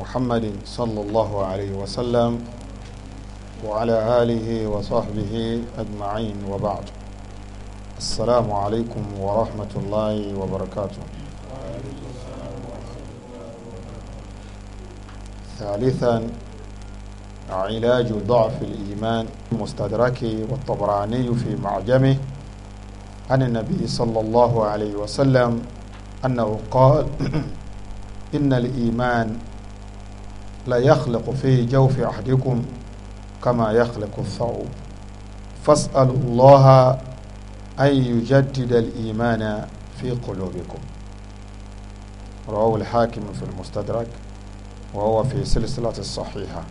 محمد صلى الله عليه وسلم وعلى آله وصحبه أجمعين وبعد السلام عليكم ورحمة الله وبركاته ثالثا علاج ضعف الإيمان المستدرك والطبراني في معجمه عن النبي صلى الله عليه وسلم أنه قال إن الإيمان لا يخلق في جوف أحدكم كما يخلق الثوب فاسألوا الله أن يجدد الإيمان في قلوبكم رواه الحاكم في المستدرك وهو في سلسلة الصحيحة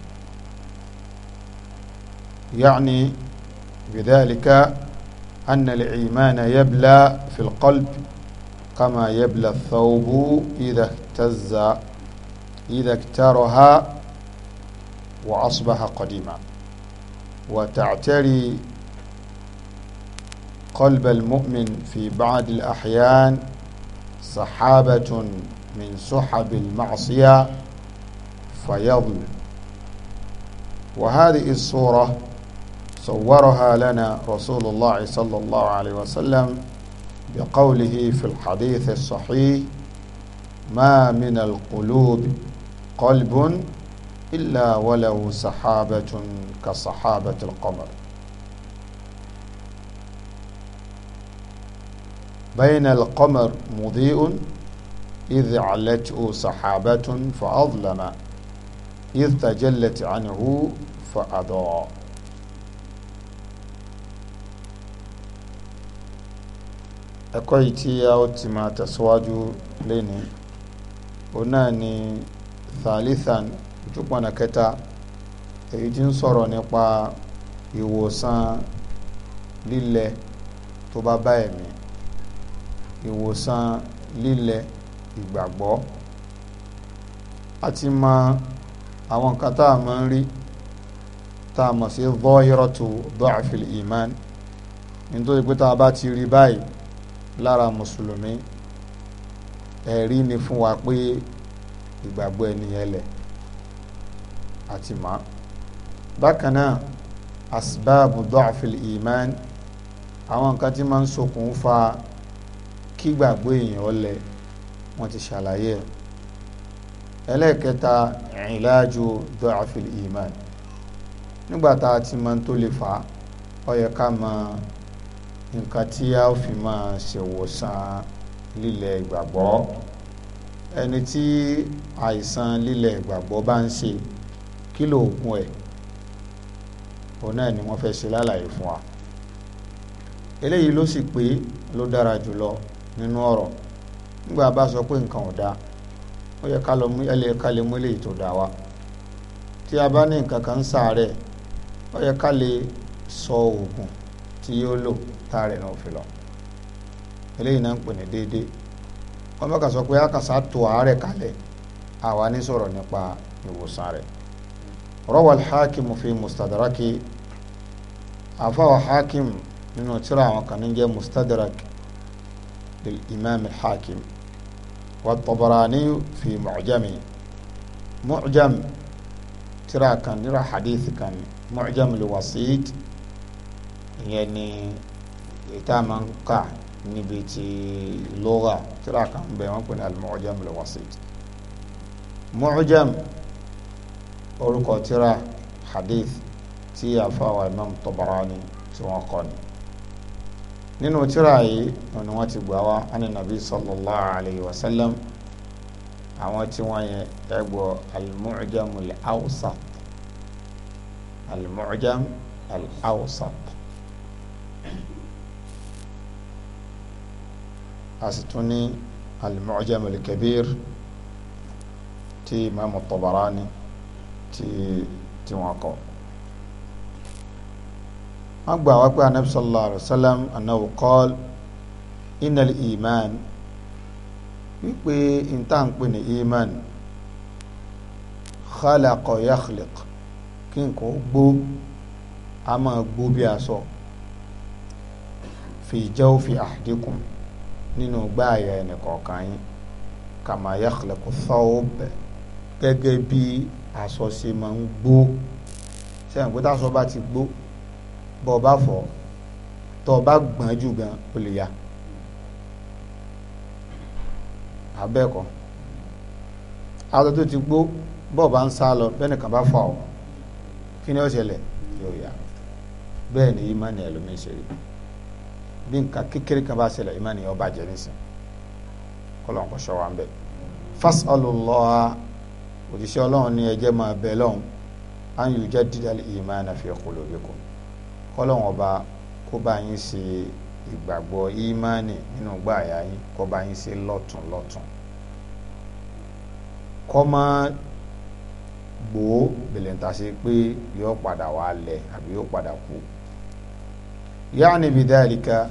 يعني بذلك أن الإيمان يبلى في القلب كما يبلى الثوب إذا اهتز إذا اكترها وأصبح قديما وتعتري قلب المؤمن في بعض الأحيان سحابة من سحب المعصية فيظلم وهذه الصورة صورها لنا رسول الله صلى الله عليه وسلم بقوله في الحديث الصحيح ما من القلوب قلب إلا ولو سحابة كصحابة القمر بين القمر مضيء إذ علته سحابة فأظلم إذ تجلت عنه فأضاء أكويتي أو تما تسواجو ليني هنا thalithan ojúpọ̀nà kẹta èyí tí ń sọ̀rọ̀ nípa ìwòsàn lílẹ̀ tó bá bá ẹ̀mí ìwòsàn lílẹ̀ ìgbàgbọ́ a ti mọ àwọn nǹkan tá a máa ń rí tá a mọ̀ sí dhahiratu dha'fil iman nítorí pé tá a bá ti rí báyìí lára mùsùlùmí ẹ̀rí ni fún wa pé ìgbàgbọ́ ẹni yẹn lẹ̀ àti mọ́ bákan náà asbáàbù dọ́àfil ìmán àwọn nǹkan tí máa ń ṣokùnfà kígbàgbọ́ èèyàn lẹ̀ wọ́n ti ṣàlàyé ẹ̀ ẹlẹ́ẹ̀kẹta ìlàjò dọ́àfil ìmán nígbà tá a ti máa ń tó lè fà á ká mọ nǹkan tí a fi máa ṣèwòsàn lílẹ̀ ìgbàgbọ́ ẹni tí àìsàn lílẹ̀ ìgbàgbọ́ bá ń ṣe kí ló ògùn ẹ̀ òun náà ni wọ́n fẹ́ ṣe lálàyé fún wa eléyìí ló sì pé ló dára jùlọ nínú ọ̀rọ̀ nígbà bá sọ pé nǹkan ò dáa ó yẹ ká lọ mú ẹlẹ́ ká lè mú eléyìí tó dáa wa tí a bá ní nǹkan kan ń ṣàárẹ̀ ó yẹ ká lè sọ oògùn tí yóò lò tá a rẹ̀ náà fi lọ eléyìí náà ń pè ní déédéé wọ́n mọ̀kà sọ pé àkàsà tó àárẹ̀ kalẹ̀ àwa ní sọ̀rọ̀ nípa ìwòsàn rẹ̀ rọ́wàl hakim fi mustadraki àfáwà hakim nínú tíra àwọn kan ní jẹ́ mustadrak imam hakim wa tabarani fi mu'jami mu'jam tíra kan tíra hadith kan mu'jam lil ìyẹn ni ìta níbi tí lugha tíra kan bẹ wọn pè ní al-mu'jam al-wasit mu'jam orúkọ tíra hadith tí àfáwà imam Tabarani tí wọ́n kọ ni nínú tíra yìí ni wọ́n ti gbà wá ani nabi sallallahu alayhi wa sallam àwọn tí wọ́n yẹ ẹgbọ́ al-mu'jam al-awsat a sì tún ní al-Mu'jam al-Kabir tí imam Tabarani tí tí wọ́n kọ. wọ́n gbà wá pé anabi sallallahu alayhi wa sallam anahu qala inal iman wípé ìtànpé ní iman khalaqa yakhliq kí nǹkan gbó a máa fi jawfi ahdikum nínú gbáàyà ẹnìkọ̀ọ̀kan yín kàmá yakhlaqu thawb gẹ́gẹ́ bí aṣọ ṣe máa ń gbó sẹ́yìn pé táṣọ bá ti gbó bọ́ ọ bá fọ̀ tọ́ ọ bá gbọ́n jù gan ó lè ya abẹ́ẹ̀kọ́ aṣọ tó ti gbó bọ́ ọ bá ń sá lọ bẹ́ẹ̀ nìkan bá fọ̀ ọ́ kí ni ó ṣẹlẹ̀ yóò ya bẹ́ẹ̀ ni yìí má ní ẹlòmíín ṣe rí i bí nǹkan kékeré kan bá ṣẹlẹ̀ ìmánì yẹn ó bàjẹ́ nísìn kọ́lọ́n kò ṣọ́ wa ń bẹ̀. fasalullah òjíṣẹ́ ọlọ́run ní ẹjẹ́ máa bẹ̀ lọ́hùn an yujaddida al-imana fi qulubikum kọ́lọ́n ọba kó bá yín ṣe ìgbàgbọ́ ìmánì nínú gbàyà yín kó bá yín ṣe lọ́tún lọ́tún kọ́ máa gbòó bẹ̀lẹ̀ ń ta ṣe pé yóò padà wá lẹ̀ àbí yóò yaani bidhalika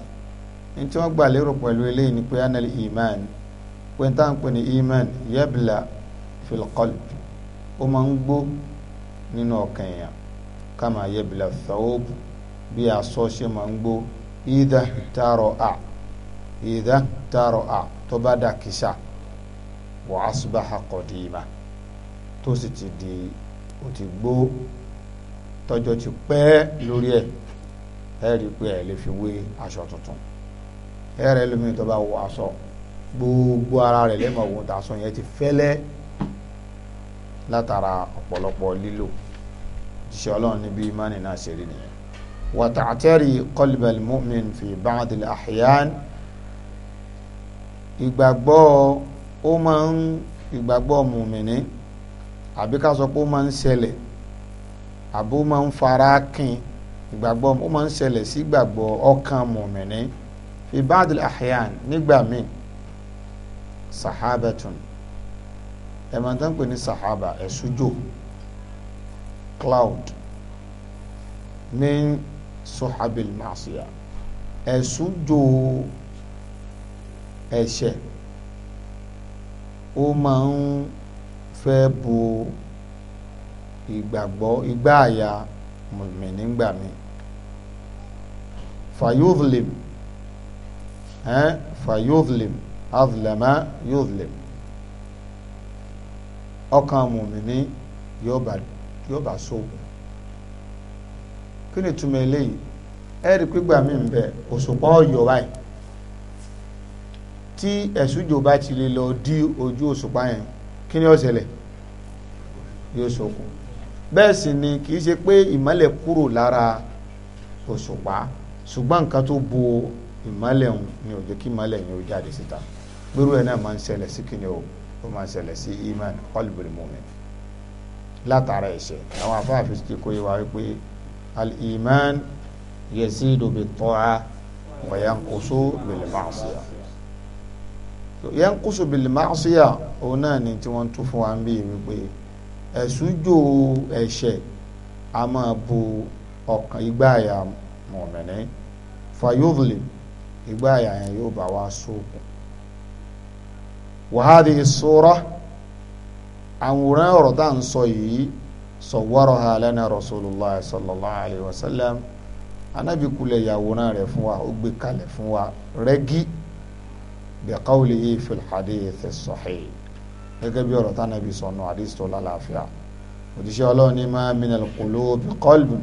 ní tí wọ́n gbà lérò pẹ̀lú eléyìí ni pé anal iman pé n táwọn pè ní iman yabla fil qalb ó máa ń gbó nínú ọkàn èèyàn kama yabla thawb bí aṣọ ṣe máa ń gbó idha taro a idha taro a tó bá dà kìsà wa asbaha qadima tó sì ti di ó ti gbó tọjọ́ ti pẹ́ lórí ẹ̀ ẹ rí i pé ẹ lè fi wé aṣọ tuntun ẹ rẹ lómi tó bá wọ aṣọ gbogbo ara rẹ̀ lẹ́mọ̀ ohun tá a sọ yẹn ti fẹ́lẹ́ látara ọ̀pọ̀lọpọ̀ lílò jíṣẹ́ ọlọ́run níbi imáni náà ṣe rí nìyẹn wàtàtẹ́rì kọlbẹ̀l mọ́min fi báńdìlì àhíyán ìgbàgbọ́ ó máa ń ìgbàgbọ́ mùmìnì àbí máa ń ṣẹlẹ̀ àbó máa ń fara ìgbàgbọ́ ó máa ń ṣẹlẹ̀ sí ìgbàgbọ́ ọkàn mọ̀mẹ́ni fi ba'dil ahyan nígbà míì sahabatun ẹ̀ máa tán pè ní sahaba ẹ̀sùjò cloud min suhabil ma'siya ẹ̀sùjò ẹ̀ṣẹ̀ ó máa ń fẹ́ bo ìgbàgbọ́ ìgbà àyà mùmí nígbà mi fayudlim ẹn fayudlim azlama yudlim ọkàn mùmí ní yóò bá sóògùn kí ni túmọ̀ eléyìí ẹ̀rí pígbà mi ń bẹ òṣùpá ọ̀yọ́ báyìí tí ẹ̀sùjò bá ti lè lọ dí ojú òṣùpá yẹn kí ni ó yóò sókun bẹ́ẹ̀ sì ni kì í ṣe pé ìmọ́lẹ̀ kúrò lára òṣùpá ṣùgbọ́n nǹkan tó bo ìmọ́lẹ̀ òun ni ò jẹ́ kí ìmọ́lẹ̀ yẹn ó jáde síta gbérú ẹ̀ náà máa ń ṣẹlẹ̀ sí kíni o ó máa ń ṣẹlẹ̀ sí iman qalbul mu'min látara ẹ̀ṣẹ̀ àwọn afáàfin ti kó yẹ wá wípé al iman yazidu bit ta'a wa yanqusu bil ma'siyah yanqusu bil ma'siyah òun náà ni tí wọ́n tún fún wa ń bí wípé ẹ̀sùjò ẹ̀ṣẹ̀ a máa bo ọkàn igbáàyà mọ̀mẹ́ni fayodhuli igbáàyà yẹn yóò bá wa sókun wàhálì ìṣòro àwòrán ọ̀rọ̀ tá à ń sọ yìí sọ̀wọ́rọ̀ ha lẹ́nà rasulullah sallallahu alayhi wa sallam anábìkulẹ̀ yàwòrán rẹ̀ fún wa ó gbé kalẹ̀ fún wa rẹ́gí bi qawlihi fil hadith as-sahih gẹ́gẹ́ bí ọ̀rọ̀ tánàbí sọnù àdìsí tó lálàáfíà òjíṣẹ́ ọlọ́run ní máa minal qulubi qalbun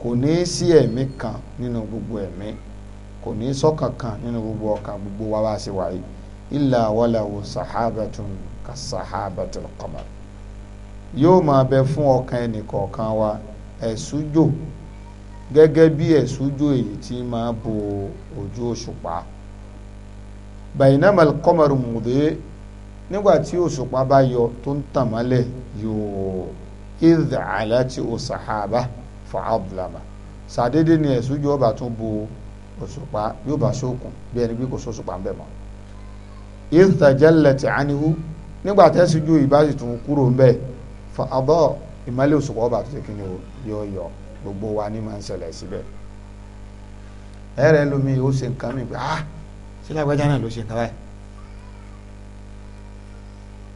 kò ní sí ẹ̀mí kan nínú gbogbo ẹ̀mí kò ní sọ́kàn kan nínú gbogbo ọkàn gbogbo wa bá ṣe wáyé illa walahu sahabatun ka sahabatul qamar yóò máa bẹ fún ọkàn ẹnìkọ̀ọ̀kan wa ẹ̀sújò gẹ́gẹ́ bí ẹ̀sújò èyí tí máa bo ojú òṣùpá baynamal qamaru mudhi nígbà tí òṣùpá bá yọ tó ń tàn mọ́lẹ̀ yòó idh alati osahaba fa'adlama sàdédé ni ẹ̀sùn jọ bá tún bo òṣùpá yóò bá sókun bí ẹni bí kò sóṣùpá ń bẹ̀ mọ́ idh tajallati anihu nígbà tẹ́sùn jọ ìbá sì tún kúrò ń bẹ̀ fa'adọ́ ìmọ́lẹ̀ òṣùpá ọba tó kí ni yóò yọ gbogbo wa ní máa ń ṣẹlẹ̀ síbẹ̀ ẹ̀rẹ̀ lómi ó ṣe nǹkan mi pé ah sílẹ̀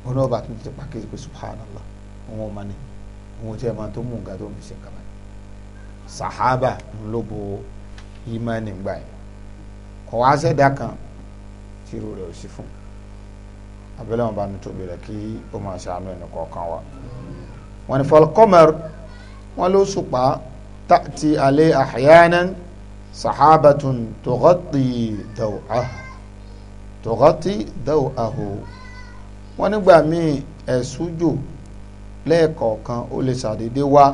wọn náà bá tún ti pàkíyèsí pé subhanallah wọn ò máa ní wọn ò tí ẹ máa tó mú nǹkan tó ń fi ṣe nǹkan báyìí sahaba ló bo imani gbà yìí kò wá sẹ́dá kan tí irú rẹ̀ ò sí fún abẹ́lẹ́ wọn bá nu tóbi rẹ̀ kí ó máa ṣàánú ẹni kọ̀ọ̀kan wa wọn ni fọlkọmẹr wọn ló sùpà tàti alẹ́ àhìyánan sahabatun tọ̀gọ́tì dàwọ̀ àhù tọ̀gọ́tì dàwọ̀ àhù wọ́n nígbà míì ẹ̀sùjò lẹ́ẹ̀kọ̀ọ̀kan ó lè ṣàdédé wá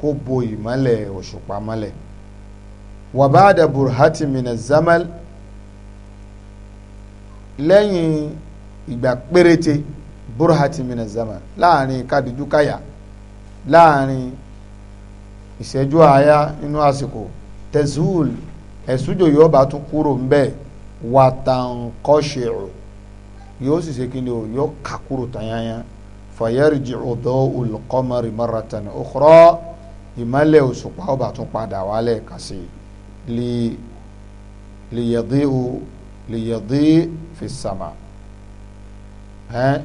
kó bo ìmọ́lẹ̀ òṣùpá mọ́lẹ̀ wàbáàdà burhati mina zamal lẹ́yìn ìgbà péréte burhati mina zamal láàrin kadijukaya láàrin ìṣẹ́jú àáyá nínú àsìkò tezul ẹ̀sùjò yóò bá tún kúrò ń bẹ́ẹ̀ wàtàǹkọ́ṣẹ̀rù yóò sì ṣe kíni o yóò kà kúrò tanyanya fayarji ọdọ olùkọmọrin maratan ọkọrọ ìmọ́lẹ̀ òṣùpá ọba tún padà wálẹ̀ kàṣe lìyẹdí o lìyẹdí fi sàmà ẹn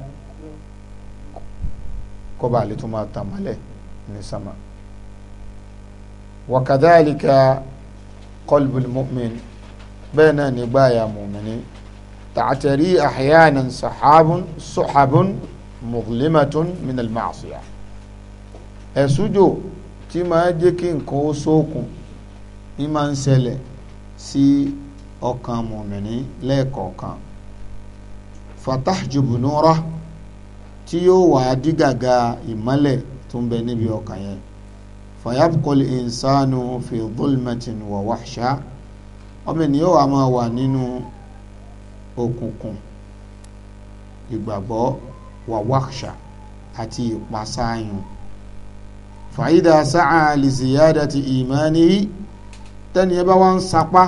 kọba àlè tó máa tàmálẹ̀ ní sàmà wàkàdá àlìkà kọlbùl mọ́mìn náà nígbà àyà mọ́mìn تعتري أحيانا سحاب سحب مظلمة من المعصية ẹ̀sùjò tí máa jẹ́ kí nǹkan ó sókun ní máa ń ṣẹlẹ̀ sí ọkàn mọ̀mìnì lẹ́ẹ̀kọ̀ọ̀kan fatahjubu nura tí yóò wà dígàga ìmọ́lẹ̀ tó ń bẹ níbi ọkàn yẹn fayabqul insanu fi dhulmatin wa wahsha ọmọ ènìyàn wà máa wà nínú òkùnkùn ìgbàgbọ́ wàwáṣà àti ìpasáyùn fàyídà sáà lìsìyàdà ti ìmánì tẹ́ni ẹ bá wá ń sapá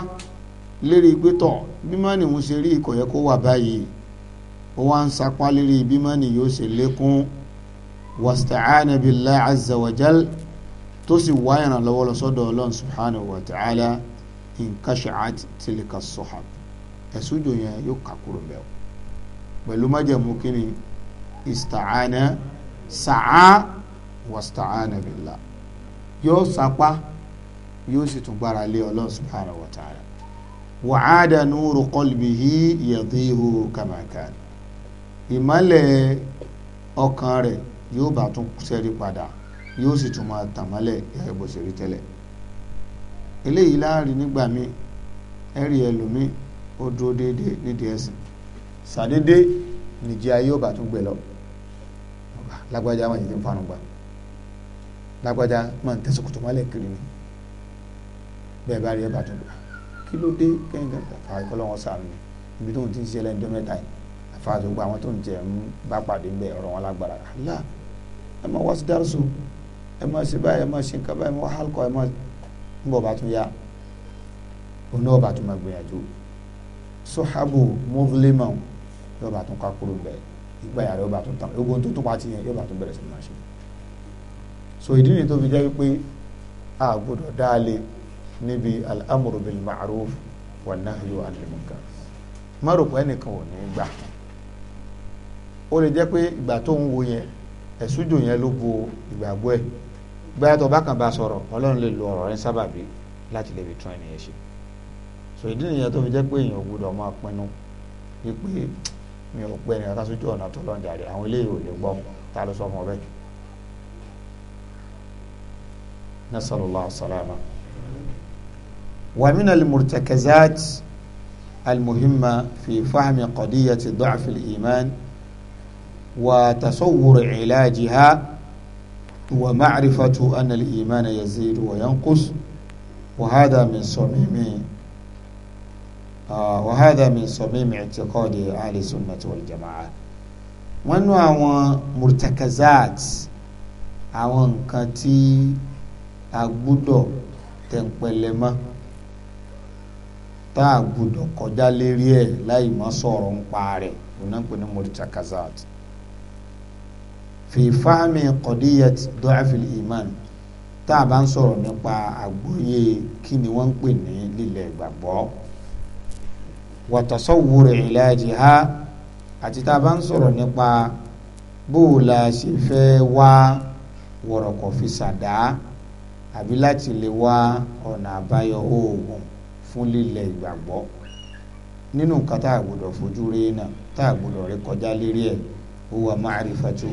lérí gbẹ́tọ̀ bímánì ń ṣe rí ìkọ̀yẹ́ kó wà báyìí ó wá ń sapá lérí bímánì yóò ṣe lékún wàstàánà billahi azza wa jal tó sì wá ìrànlọ́wọ́ ọlọ́run subhanahu wa ta'ala in kasha'at tilka as ẹ̀sùn òjò yẹn yóò kà kúrò bẹ́ẹ̀ o pẹ̀lú májẹ̀mú kínní ìsàánà sàá wàsàánà bìlá yóò sapá yóò sì tún gbára lé ọlọ́run subhanahu wa ta'ala wàhádà núurù qalbihi yadhihu kama kana ìmọ̀lẹ̀ ọkàn rẹ̀ yóò bá tún sẹ́rí padà yóò sì tún máa tàmálẹ̀ ẹ̀rẹ́ bó tẹ́lẹ̀ eléyìí láàrin nígbà míì ẹ̀rí ẹlòmíì ó dúró déédéé nídìí ẹ̀sìn sàdédé nìjẹ́ ayé ò bá tún gbẹ lọ lágbájá máa yìí ń fanu gbà lágbájá máa ń tẹ̀sán kòtò mọ́lẹ̀ kiri ni bẹ́ẹ̀ bá rí ẹ bá tún gbà kí ló dé kẹ́yìn kan àfa ìkọlọ́wọ́n sàánú ni ibi tóun ti ń ṣe lẹ́nu dọ́mẹ́ta yìí àfa àti gbogbo àwọn tóun jẹ́ ń bá pàdé ńbẹ ọ̀rọ̀ wọn lágbára àlá ẹ máa wá sí dárúsù ẹ máa ṣe báyìí ẹ máa ṣe nǹkan báyìí ẹ máa wá hálkọ ẹ máa ń bọ̀ bá tún yá òun náà bá tún máa gbìyànjú sọ́hábù mọ́fúlẹ́mọ̀ yóò bá tún ká kúrò bẹ́ẹ̀ ìgbáyà rẹ̀ yóò bá tún tán ogun tó tún pa yẹn yóò bá tún bẹ̀rẹ̀ sí máa ṣe so ìdí nìyí tó fi jẹ́ wípé a gbọ́dọ̀ dáálé níbi al'amuru bil ma'ruf wa nahyu anil munkar má rò pé ẹnìkan ò ní gbà ó lè jẹ́ pé ìgbà tó ń wo yẹn ẹ̀sùjò yẹn ló bo ìgbàgbọ́ ẹ̀ gbáyàtọ̀ bákan bá sọ̀rọ̀ ọlọ́run lè lo ọ̀rọ̀ rẹ̀ sábàbí láti lè fi tún ẹnìyẹn ṣe so ìdí nìyẹn tó fi jẹ́ pé èèyàn gbọ́dọ̀ máa pinnu wípé mi ò pẹ́ nìkan sójú ọ̀nà tó lọ́njà rẹ̀ àwọn eléyìí ò lè gbọ́ ta ló sọ fún ọ bẹ́ẹ̀. nasalala salama wàmínà limurtakazat almuhimma fi fahmi qadiyati dọ́cfi iman wa tasawwur cilaajiha wa macrifatu ana aliman yazidu wa yanqus wa hada min samimi وهذا من صميم اعتقاد أهل السنة والجماعة wọ́n nú awọn murtakazat àwọn nǹkan tí a gbúdọ̀ tẹ̀ǹpẹ̀lẹ̀ mọ́ tá a kọjá lérí ẹ̀ láì má sọ̀rọ̀ ń pa rẹ̀ òun náà ń iman taa wàtàsọ̀wúrò ìlàjì ha àti tá a bá ń sọ̀rọ̀ nípa bó o la ṣe fẹ́ wá wọ̀rọ̀kọ̀ fi ṣàdá àbí láti lè wá ọ̀nà àbáyọ oògùn fún lílẹ̀ ìgbàgbọ́ nínú nǹkan tá a gbọdọ̀ fojú rí náà tá a gbọdọ̀ rí kọjá lérí ẹ̀ ó wà ma'rifatu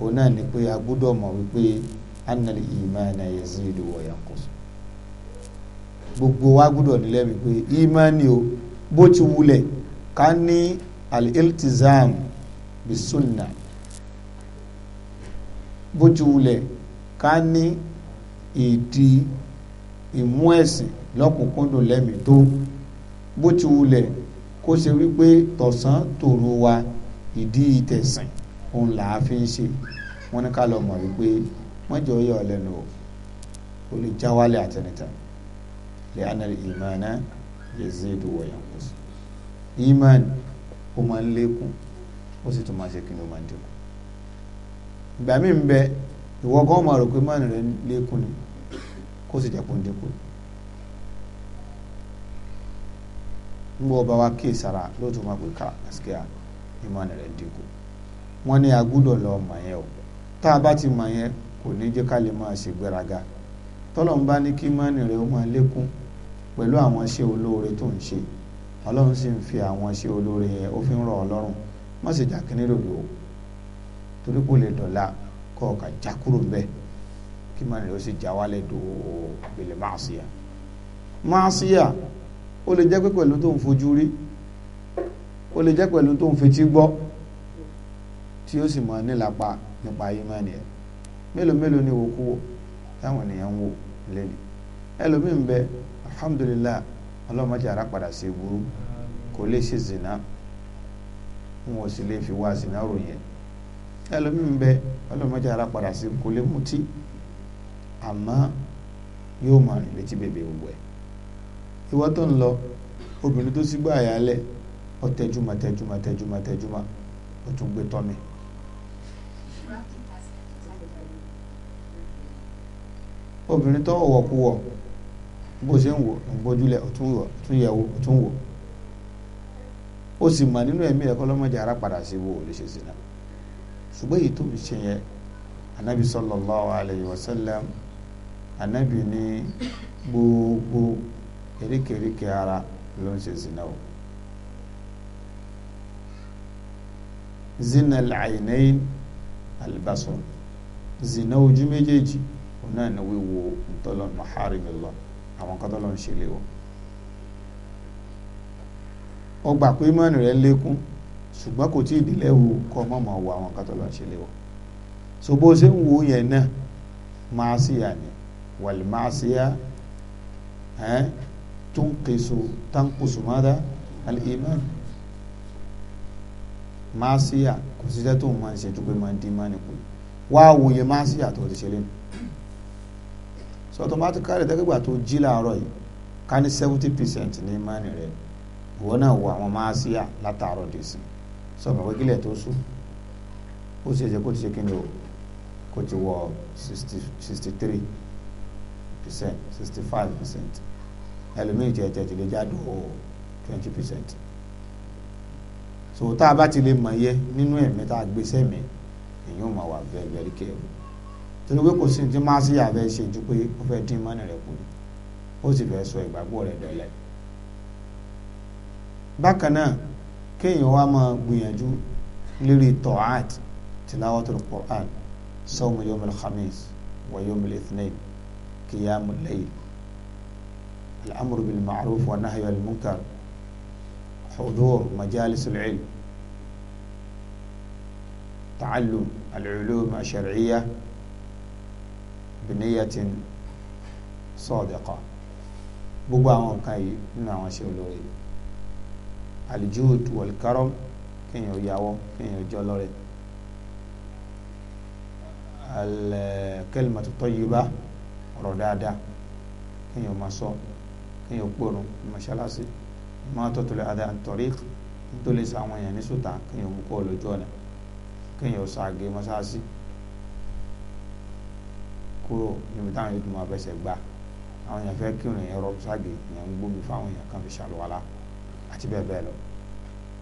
òun náà ni pé a gbọdọ̀ mọ̀ wípé annal imana yazidu wa gbogbo wa gbọdọ̀ nílẹ̀ bó ti wulẹ̀ ká ní al-iltizam bisunna bó ti wulẹ̀ ká ní ìdí ìmú ẹ̀sìn lọ́kùnkúndùn lẹ́mí tó bó ti wulẹ̀ kó ṣe wípé tọ̀sán tòru wa ìdí ìtẹ̀sìn òun là á fi ń ṣe wọn ní ká lọ mọ̀ wípé mọ́jọ yẹ ọ lẹ́nu o ó lè jáwálé àtẹnitẹ lè ánà ìmọ̀ náà yẹ zéèdù wọ̀nyẹn iman ó máa ń lékún ó sì tún máa ṣe kíni ó máa ń dínkù ìgbà míì ń bẹ ìwọ gan máa rò pé iman rẹ lékún ni kó sì jẹ́ kó ń dínkù ń bọ́ ọba wa kí ìsara lóòótọ́ máa pè ká àsìkíyà iman rẹ dínkù wọ́n ní agúdọ̀ lọ mọ̀ yẹn o tá a bá ti mọ̀ yẹn kò ní jẹ́ ká lè máa ṣègbéraga tọ́lọ́run bá ní kí iman rẹ ó máa lékún pẹ̀lú àwọn iṣẹ́ olóore tó ń ṣe ọlọ́run sì ń fi àwọn ṣe olóore yẹn ó fi ń rọ ọlọ́run má sì jà kíní lòdò o torí kò lè dọ̀la kọ́ ọ̀ka já kúrò ń bẹ̀ kí má lè ó sì já wálẹ̀ do ìpele máàsíyà máàsíyà ó lè jẹ́ pé pẹ̀lú tó ń fojú rí ó lè jẹ́ pẹ̀lú tó ń fetí gbọ́ tí ó sì mọ̀ nílapa nípa ayé mẹ́rin ẹ̀ mélòó mélòó ni wò kú wò táwọn ènìyàn ń wò lẹ́nu ẹlòmíín bẹ alhamdulilayi ọlọ́mọdé ara padà sí burú kò lè ṣe zina wọn ò fi wá zina ròyìn ẹlòmíín bẹ ọlọ́mọdé ara padà sí kò lè mutí àmọ́ yóò máa rìn létí bèbè òwò ẹ̀ tó ń lọ obìnrin tó sì gbọ́ àyálẹ̀ ọ bó ṣe ń wò ń gbójúlẹ̀ ọ̀tún yẹ̀wò ọ̀tún wò ó sì mọ̀ nínú ẹ̀mí rẹ̀ kọ́lọ́mọdé ara padà sí wo lè ṣe zina ṣùgbọ́n èyí tó ń ṣe yẹn anabi sallallahu alayhi wa sallam anabi ní gbogbo eríkèéríkèé ara ló ń ṣe zina o. zina al-aynayn zina ojú méjèèjì ọ̀nà ni wíwo ntọ́lọ́nù harimillah àwọn nǹkan tó lọ ń ṣe léwọ̀ ó gbà pé mọ́ọ̀nì rẹ̀ lékún ṣùgbọ́n kò tí ì dìlẹ́ wo kọ́ mọ̀mọ́ wo àwọn nǹkan tó ṣe léwọ̀ so bó ṣe ń wo yẹn náà máa sí yà ni wàlì máa sí yà ẹ́ tó ń keso tankoso máa dá al-iman máa sí yà kò sí tó ń máa ṣe tó pé máa dín máa nìkú wá wòye máa sí yà tó ti ṣe lẹ́nu so automatically dẹ́gbẹ̀gbà tó jí làárọ̀ yìí ká ní seventy percent ní mánì rẹ ìwọ náà wọ àwọn máa sí à látàárọ̀ dé sí sọ ma wíkílẹ̀ tó sùn ó sì ṣe kó ti ṣe kí ni o kó ti wọ sixty three percent sixty five percent ẹlòmíì jẹ tẹ̀tì lè jáde o twenty percent so tá a bá ti lè mọ̀ yẹ nínú ẹ̀mí tá a gbé sẹ́mi èyí ò máa wà very very careful torí pé kò sí ti máa sí àbẹ ṣe ju pé ó fẹ́ dín mọ́nì rẹ̀ kù ó sì fẹ́ sọ ìgbàgbọ́ rẹ̀ dọ̀lẹ́ bákan náà kéèyàn wá máa gbìyànjú lérí tọ́hát tilawatul Qur'an sawmu yomil khamis wa yomil ithnain qiyamul layl الأمر بالمعروف والنهي عن المنكر حضور مجالس العلم تعلم العلوم الشرعية bìníyàtìn sọ̀dẹ̀kọ̀ gbogbo àwọn nǹkan yìí nínú àwọn ṣe olóore alijuhudu walikarom kéèyàn yàwọ kéèyàn jọ lọ́rẹ alkalimatu tayyiba ọ̀rọ̀ dáadáa kéèyàn máa sọ kéèyàn gbórun mọ́ṣáláṣí máa tọ́tọ́lẹ̀ adá ntọ́rí nítorí sáwọn èèyàn ní sùtà kéèyàn mú kó lójú ọ̀nà kéèyàn ṣàgé mọ́ṣáláṣí kúrò níbi táwọn yóò tún máa fẹsẹ̀ gbà àwọn èèyàn fẹ́ kírun èèyàn rọ ságè èèyàn ń gbómi fáwọn èèyàn kan fi ṣàlùwalá àti bẹ́ẹ̀ bẹ́ẹ̀ lọ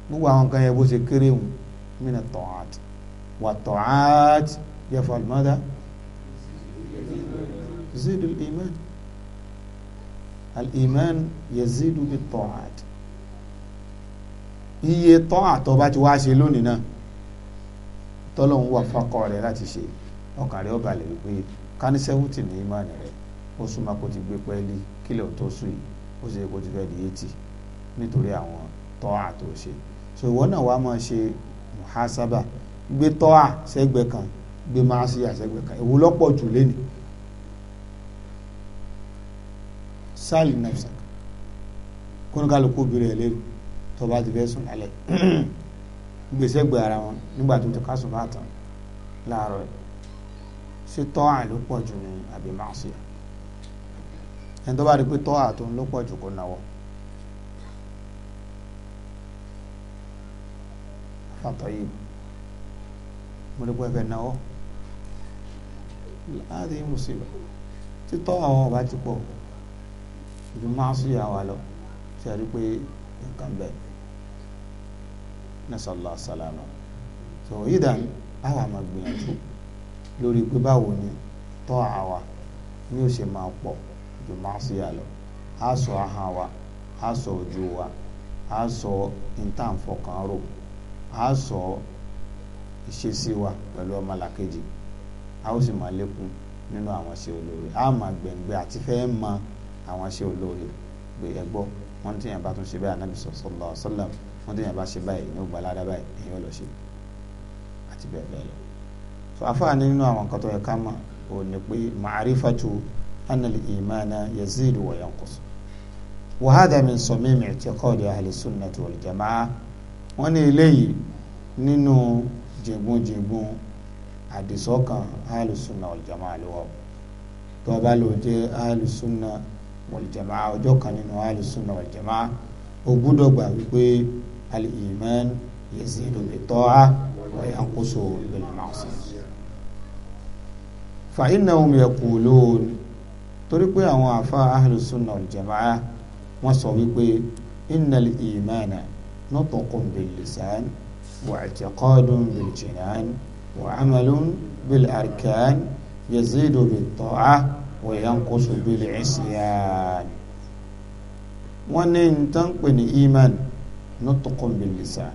gbogbo àwọn kan yẹ bó ṣe kéré wù mina tọ́hát wà tọ́hát yẹ fọlùmọ́dá zidu iman al-iman yazidu bi tọ́hát iye tọ́hát tó ti wá ṣe lónìí náà tọ́lọ́hún wà fọ́kọ̀ rẹ̀ láti ṣe ọkàn rẹ̀ ó wípé Kani ní seventy ní ìmánì rẹ ó súnmọ́ kó ti gbé pẹ́ẹ́lí kílẹ̀ tó sùn yìí ó sì yẹ kó ti fẹ́ di eighty nítorí àwọn tọ́à tó ṣe so ìwọ náà wàá máa ṣe muhasaba gbé tọ́à sẹ́gbẹ̀ẹ́ kan gbé máa ṣe àṣẹgbẹ̀ẹ́ kan èwo lọ́pọ̀ jù lẹ́nu sáàlì nàfṣà kónúkálukú obìnrin ẹ̀ lérò tó ti fẹ́ sùn lálẹ́ gbèsè gbé ara wọn nígbà tó ti ká sùn bá tán láàárọ̀ yìí ṣé tọ́hà ló pọ̀ jù ní àbí màṣíà ẹni tó bá rí pé tọ́hà tó ń ló pọ̀ jù kó náwó. fàtọ̀ yìí mo rí pé ẹbẹ̀ náwó láti mùsíbà títọ́ àwọn ọba ti pọ̀ ju màṣíà wa lọ ṣe rí pé nǹkan bẹ́ẹ̀ nasalaam so idan awa ma gbìyànjú lórí pé báwo ni tọ́ àwa ní ó ṣe máa pọ̀ jù máa sí àlọ́ á sọ ahọ́n wa á sọ ojú wa á sọ ìtànfọkàn rò á sọ ìṣesí wa pẹ̀lú ọmọlàkejì a ó sì máa lékún nínú àwọn ṣe olóore a máa gbẹ̀ngbẹ́ àti fẹ́ mọ àwọn ṣe olóore pé ẹ wọ́n ti yàn bá tún ṣe báyìí anábì sallallahu alaihi wọ́n ti yàn bá ṣe báyìí ní ó gba aládàá báyìí àti bẹ́ẹ̀ bẹ́ẹ̀ lọ so àfààní nínú àwọn nǹkan tó yẹ ká mọ̀ ò ní pé ma'arifatu anal imana yazidu wa yanqus wa hadha min samimi i'tiqadi ahli sunnati wal jamaa wọ́n ní eléyìí nínú jẹ̀gbọ́njẹ̀gbọ́n àdìsọ́kàn ahli sunna wal jamaa ló wà tó o bá lò jẹ́ ahli sunna wal jamaa ọjọ́ kan nínú ahli sunna wal o gbúdọ̀ gbà wípé al iman yazidu bi ta'a wa yanqusu bil ma'siyah fa innahum yaqulun torí pé àwọn àfa ahlus sunnah wal jama'a wọ́n sọ wípé innal imana nutqun bil lisan wa i'tiqadun bil jinan wa amalun bil arkan yazidu bit ta'ah wa yanqusu bil isyan ní nǹkan ní iman nutqun bil lisan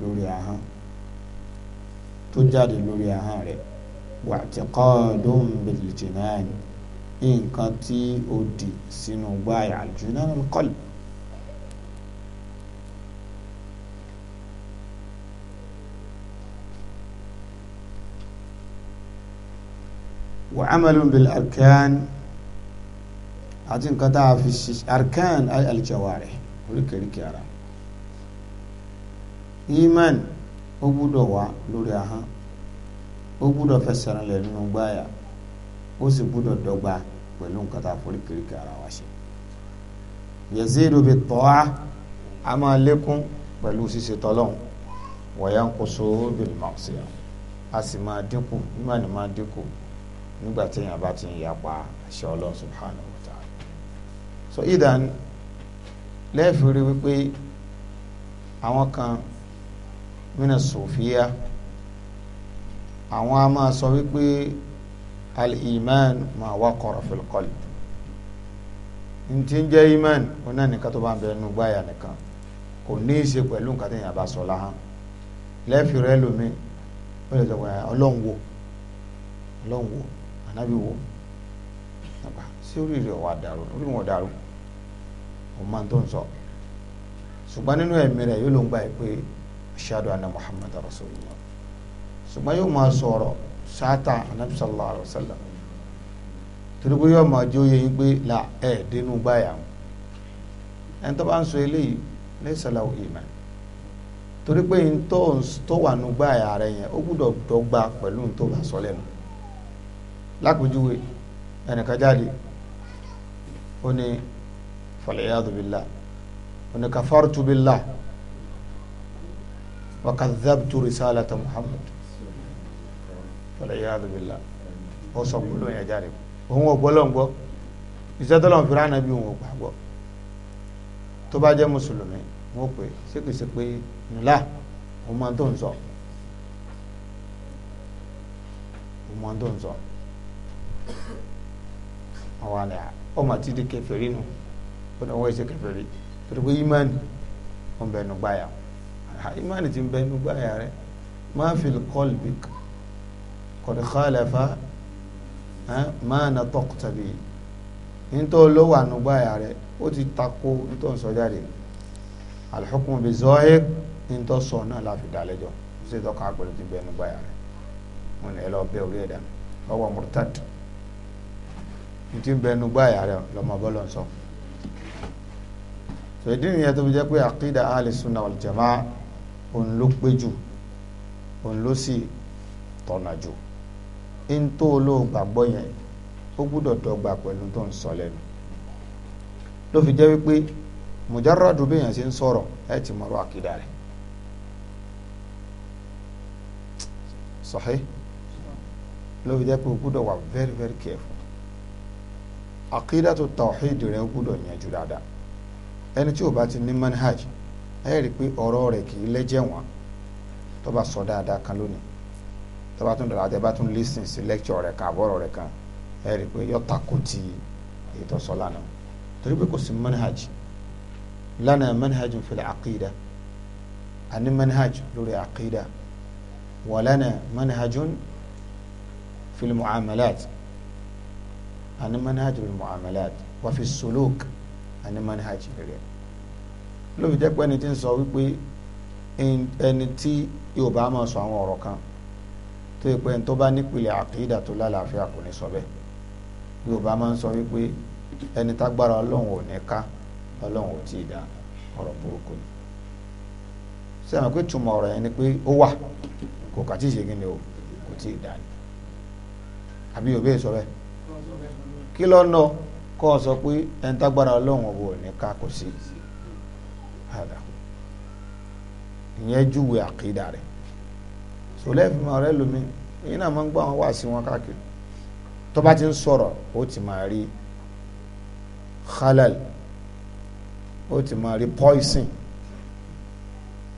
lórí ahọ́n tó jáde lórí ahọ́n rẹ̀. واعتقاد بالجنان إن كنتي أودي سنو بايع الجنان القلب وعمل بالأركان أعطين قطع في الشيش أركان أي الجوارح ولك لك يا رب إيمان أبو دوا لوريها ó gbúdọ̀ fẹsẹ̀ rinlẹ̀ nínú gbáyà ó sì gbúdọ̀ dọ́gba pẹ̀lú nǹkan tá a forí kirikiri ara wa ṣe yazidu bi tọ́a a máa lékún pẹ̀lú ṣíṣe tọ́lọ́hún wa yanqusu bil ma'siyah a sì máa dínkù nígbà ní máa dínkù nígbà tí èèyàn bá ti ń yapa àṣẹ ọlọ́run subhanahu wa ta'ala so idan lẹ́ẹ̀fì rí wípé àwọn kan mina sofiya àwọn a máa sọ wípé al-iman ma waqara fil qalb ntí ń jẹ́ iman òun náà nìkan tó bá ń bẹ ẹnu gbáyà nìkan kò ní í ṣe pẹ̀lú nǹkan tí èèyàn bá sọ láhàn lẹ́ẹ̀fì rẹ lómi ó lè sọ pé ọlọ́run wo ọlọ́run wo ànábì wo nàbà sí orí rẹ̀ dàrú orí wọn dàrú òun máa tó ń sọ ṣùgbọ́n nínú ẹ̀mí rẹ̀ yóò ló ń gbà pé ashhadu anna muhammadu rasulullah ṣùgbọ́n yóò máa sọ̀rọ̀ sáátà anabi sallallahu alayhi eh, oh, wa sallam torí pé yóò máa jóye yín pé là ẹ̀ dénú gbáyà wọn ẹni tó bá ń sọ eléyìí ní ìsọ̀lá ìmọ̀ torí pé n tó wà nù gbáyà rẹ yẹn ó gbúdọ̀ dọ́gba pẹ̀lú n tó bá sọ lẹ́nu lápèjúwe ẹnìkan jáde ó ní falẹ̀yàdù bílà ó wa kadhabtu risalata muhammad wọlé yàrá bìlá ó sọ gbóló yẹn jáde òun ò gbọ́lọ́ gbọ́ iṣẹ́ tó lọ́n fìrà nàbí òun ò gbà gbọ́ tó bá jẹ́ mùsùlùmí wọ́n pè ṣé kìí ṣe pé ńlá òun máa tó ń sọ òun máa tó ń sọ àwọn àlẹ́ ọmọ àti di kèfèrí nù ó ní wọ́n ṣe kèfèrí torí pé ìmánì ń bẹ gbáyà ìmánì ti ń bẹ gbáyà rẹ̀ máa fi kọ́ọ̀lù bí kan kọ̀dí khalafa máa na tọ́kùtàbí nítorí olówó ànúgbà rẹ̀ ó ti takò nítorí sọ jáde alḥukumu bi zahir nítorí sọ náà láfi dálẹ́jọ́ ṣe tọ́ka àpẹẹrẹ ti bẹ́ẹ̀ nígbà rẹ̀ wọn ni ẹ lọ bẹ orí ẹ̀dá ọwọ́ murtad ntí bẹ́ẹ̀ nígbà rẹ̀ lọ́mọ bọ́lọ̀ sọ sọ̀dí nìyẹn tó fi jẹ́ pé àkídà ahli sunna wal jamaa òun ló pé jù òun ló sì tọ̀nà jù. ń tó olóhùn gbàgbọ́ yẹn ó gbúdọ̀ dọ́gba pẹ̀lú tó ń sọ lẹ́nu ló fi jẹ́ wípé mùjáràdù bí èèyàn ṣe ń sọ̀rọ̀ ẹ ti mọ̀rọ̀ àkìdá rẹ̀ sọ̀hẹ́ ló fi jẹ́ pé ó gbúdọ̀ wà very very careful àkìdá tó tawhid rẹ̀ ó gbúdọ̀ yanjú dáadáa ẹni tí ò bá ti ní manhaj tọ́ba tún dọ̀la tẹ́ba tún listen sí lecture rẹ̀ kan àbọ̀rọ̀ rẹ̀ kan ẹ rí i pé yọ tako ti ètò sọ́la náà torí pé kò sí manhaj lana manhaj fil aqida àní manhaj lórí aqida wà lana manhaj fil muamalat àní manhaj lórí muamalat wà fi suluk àní manhaj lórí lóbi jẹ́ pé ẹni tí ń sọ wípé ẹni tí yóò bá máa sọ àwọn ọ̀rọ̀ kan tó yẹ pé ẹni tó bá nípìnlẹ̀ àkìdá tó lálàáfíà kò ní sọ bẹ́ẹ̀ yorùbá máa ń sọ wípé ẹni tágbára ọlọ́run ò ní ká ọlọ́run ò tí ì dá ọ̀rọ̀ burúkú ni sẹ́wọ̀n pé túmọ̀ ọ̀rọ̀ yẹn ni pé ó wà kò kà tí ì ṣe kí ni o kò tí ì dá ni àbí yorùbá yìí sọ bẹ́ẹ̀ kí lọ́ nọ kọ́ ọ sọ pé ẹni tágbára ọlọ́run ò ní ká kò sí ìyẹn júwe àkìdá rẹ̀ sòlẹ́ fi máa rẹ́ lómi èyí náà máa ń gbọ́ àwọn wá sí wọn káàkiri tó bá ti ń sọ̀rọ̀ ó ti máa rí khalal ó ti máa rí poison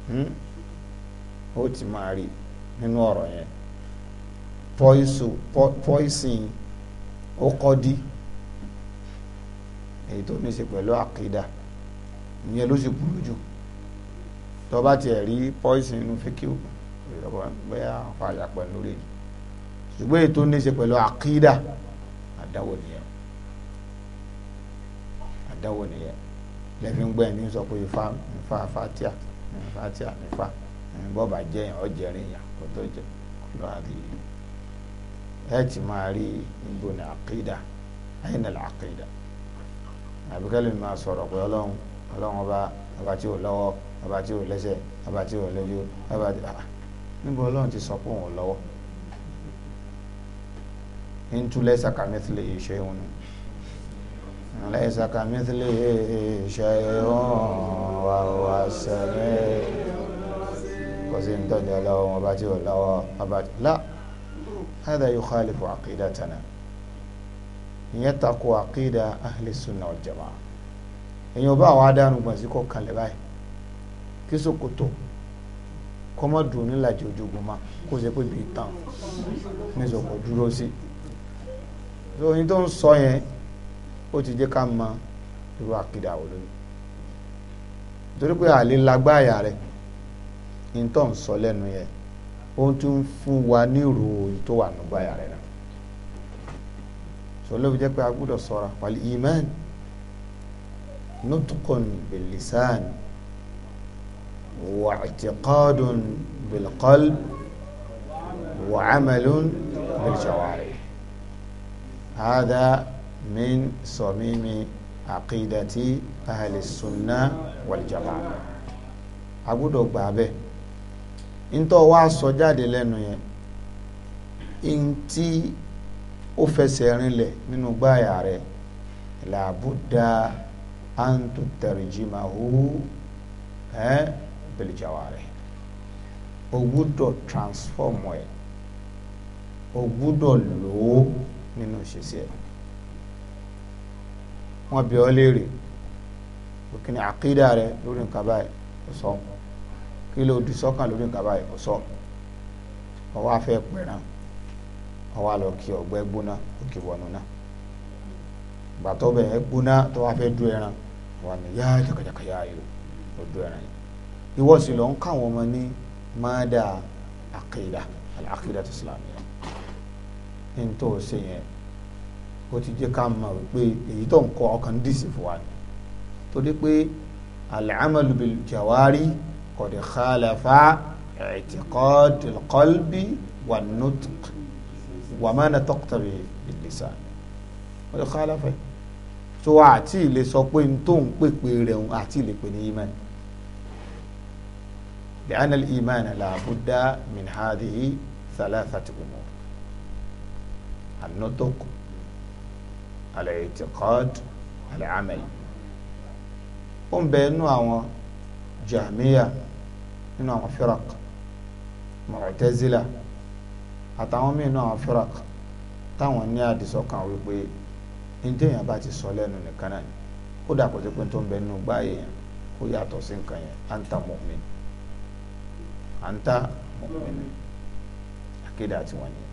hmm, ó ti máa rí nínú ọ̀rọ̀ yẹn poison ó kọ́ dí èyí tó ní í ṣe pẹ̀lú àkìdá ìyẹn ló sì burú jù tó bá tiẹ̀ rí poison inú fíkíù bóyá fàyà pẹ̀lú rẹ̀ ṣùgbọ́n ètò ní í ṣe pẹ̀lú àkídà àdáwò nìyẹn àdáwò nìyẹn lẹ́fìn gbẹ́ ní sọ pé ifá ifá fatia fatia nífa bọ́ọ̀bà jẹ́ yàn ọ̀jẹ̀rin yàn kó tó jẹ lọ́ àrí ẹ ti máa rí ibo ní àkídà ẹ̀yìn ní àkídà àbíkẹ́lẹ́ mi máa sọ̀rọ̀ pé ọlọ́run ọlọ́run ọba ọba tí ò lọ́wọ́ ọba tí ò lẹ́sẹ̀ ọba tí ò lójú ọba tí ò ah, lọ́wọ́ níbo ọlọ́run ti sọ pé òun lọ́wọ́ ntúlẹ̀ sàkàmẹ́tìlẹ̀ ìṣe òun nù ńlẹ̀ sàkàmẹ́tìlẹ̀ ìṣe òun wà wà sẹ́lẹ̀ kò sí ntọ́jú ọlọ́wọ́ wọn bá ti ò lọ́wọ́ ọba tí la hada yukhalifu aqidatana ìyẹn takò aqida ahli sunna wal jamaa èèyàn bá àwọn adánu gbọ̀nsí kọ̀ kalẹ̀ báyìí kí sókòtò kọ́mọ́ dùn nílàjì ojúgun ma kó ṣe pé bí tán ní sọ̀kọ̀ dúró sí so oyin tó ń sọ yẹn ó ti jẹ́ ká mọ irú àkìdá wò lónìí torí pé àlè lágbáyà rẹ̀ ní tó ń sọ lẹ́nu yẹn ó tún ń fún wa ní ìròyìn tó wà nígbàyà rẹ̀ náà so ló fi jẹ́ pé a gbọ́dọ̀ sọ̀ra wàlí iman nutukun bilisan. واعتقاد بالقلب وعمل بالجوارح هذا من صميم عقيدة أهل السنة والجماعة agbọ́dọ̀ gbà bẹ ntọ wa sọ jáde lẹ́nu yẹn ntí ó fẹsẹ̀ rinlẹ̀ nínú gbáyà rẹ̀ làbúdà àǹtò tẹrìjìmáwó ẹ bilijawari o gbúdọ̀ transform ẹ̀ o gbúdọ̀ lò ó nínú ìṣesí ẹ̀ wọ́n bi ọ́ léèrè òkìní àkídà rẹ lórí nǹkan báyìí kò sọ kí ló di sọ́kàn lórí nǹkan báyìí kò sọ ọwọ́ afẹ́ pẹ̀ràn ọwọ́ àlọ́ kí ọgbẹ́ gbóná òkè wọnú náà gbàtọ́ bẹ̀ ẹ́ gbóná tó wá fẹ́ du ẹran wà ní yáa jàkàjàkà yáa yòó ó du ẹran yìí ìwọ sì lọ ń káwọn ọmọ ní mada akida alakida ti islami yẹn n tó ṣe yẹn ó ti jẹ́ ká mọ̀ pé èyí tó ń kọ ọkàn díìsì fún wa ni torí pé al-amalu jawari qad khalafa i'tiqad al-qalbi wan wa ma nataqtabi bil-lisan qad so àti ilé sọ pé n tó ń pèpè rẹ̀ àti ilé pè ní yimẹ́ni. لأن الإيمان لا بد من هذه ثلاثة أمور النطق الاعتقاد العمل ń bẹ nínú àwọn jahmiya nínú àwọn firak mu'tazila àtàwọn míì nínú àwọn firak táwọn ní àdìsọ́kàn wípé ntẹ̀yìn bá ti sọ lẹ́nu nìkan náà kódà kò sí pé tó ń bẹ nínú gbáyé yẹn ó yàtọ̀ sí nǹkan yẹn anta mu'min àǹtá mọ̀mìnì akéde àti wọn nìyẹn